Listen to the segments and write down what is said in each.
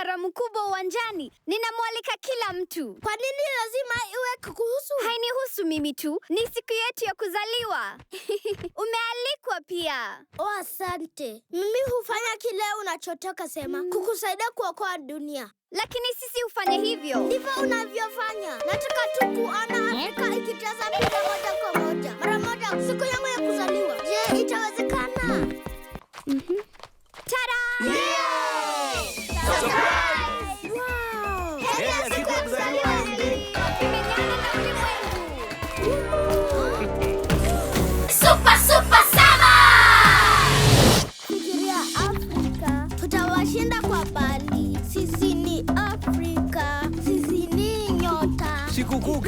karamu mkubwa uwanjani. Ninamwalika kila mtu. Kwa nini lazima iwe kukuhusu? Hainihusu mimi tu, ni siku yetu ya kuzaliwa. Umealikwa pia. Oh, asante. Mimi hufanya kile unachotaka sema, hmm. kukusaidia kuokoa dunia. Lakini sisi hufanye hivyo. Ndivyo unavyofanya. Nataka tu kuona Afrika eh? ikicheza moja kwa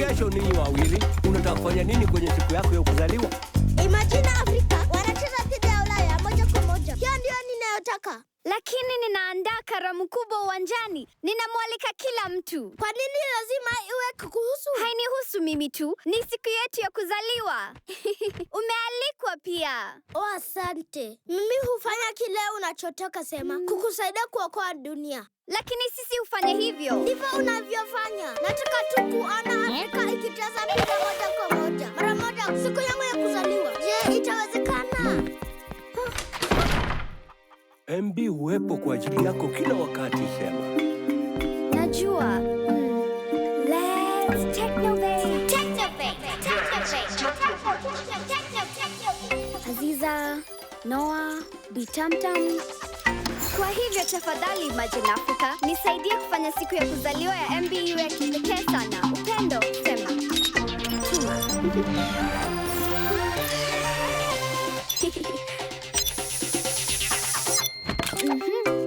kesho ninyi wawili unataka kufanya nini kwenye siku yako ya kuzaliwa? Imagine Afrika wanacheza dhidi ya Ulaya moja kwa moja. Hiyo ndio ninayotaka. Lakini ninaandaa karamu kubwa uwanjani, ninamwalika kila mtu. Kwa nini lazima iwe kuhusu kuhusu mimi tu, ni siku yetu ya kuzaliwa umealikwa pia. Oh, asante. Mimi hufanya kile unachotaka sema, hmm. kukusaidia kuokoa dunia, lakini sisi hufanye hivyo. Ndivyo unavyofanya. Nataka tu kuona eh? Afrika ikitazamika moja kwa moja, mara moja, siku yangu ya kuzaliwa. Je, itawezekana? MB huwepo kwa ajili yako kila wakati. Sema najua Aziza, Noah, Bitamtam. Kwa hivyo tafadhali Imagine Africa nisaidie kufanya siku ya kuzaliwa ya MB iwe ya kipekee sana. Upendo, sema tuma.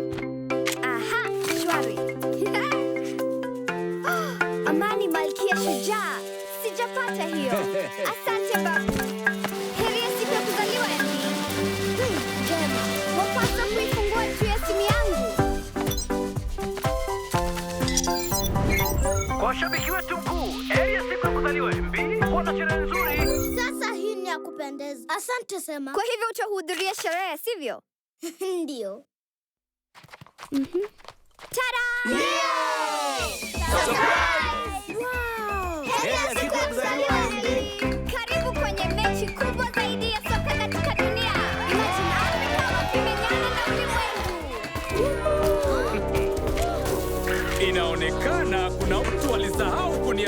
Ah, Amani malkia shujaa, sijapata hiyo. Asante babu. Washabiki wetu mkuu Elias kuzaliwa MB wana sherehe nzuri. Sasa hii ni ya kupendeza. Asante sema. Kwa hivyo utahudhuria sherehe, sivyo? Ndio. Mhm. Mm Tada! Yeah! Yeah! Surprise!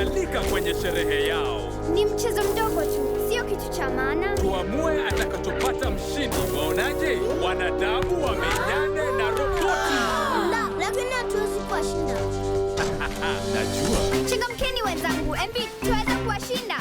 kukualika kwenye sherehe yao. Ni mchezo mdogo tu, sio kitu cha maana. Tuamue atakachopata mshindi. Waonaje? Wanadamu wamenyane na roboti. La, lakini hatuwezi kuwashinda. Najua. Changamkeni wenzangu, MV, tuweza kuwashinda.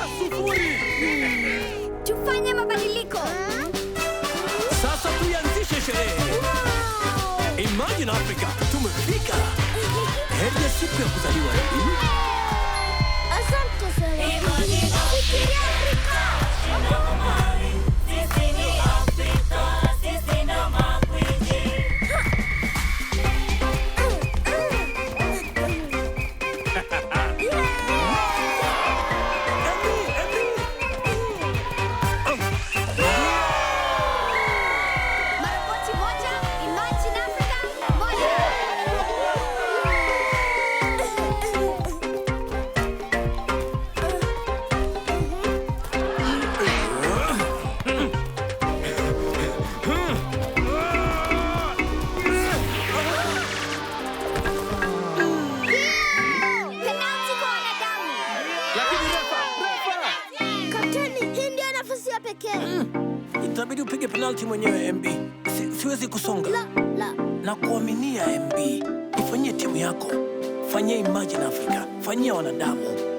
moja sufuri. Tufanye mabadiliko sasa, tuanzishe sherehe. Imagine Africa, tumefika heri ya siku ya kuzaliwa. njia pekee mm. Itabidi upige penalti mwenyewe MB. Si, siwezi kusonga la, la. Na kuaminia MB, ifanyie timu yako, fanyie Imagine Africa, fanyia wanadamu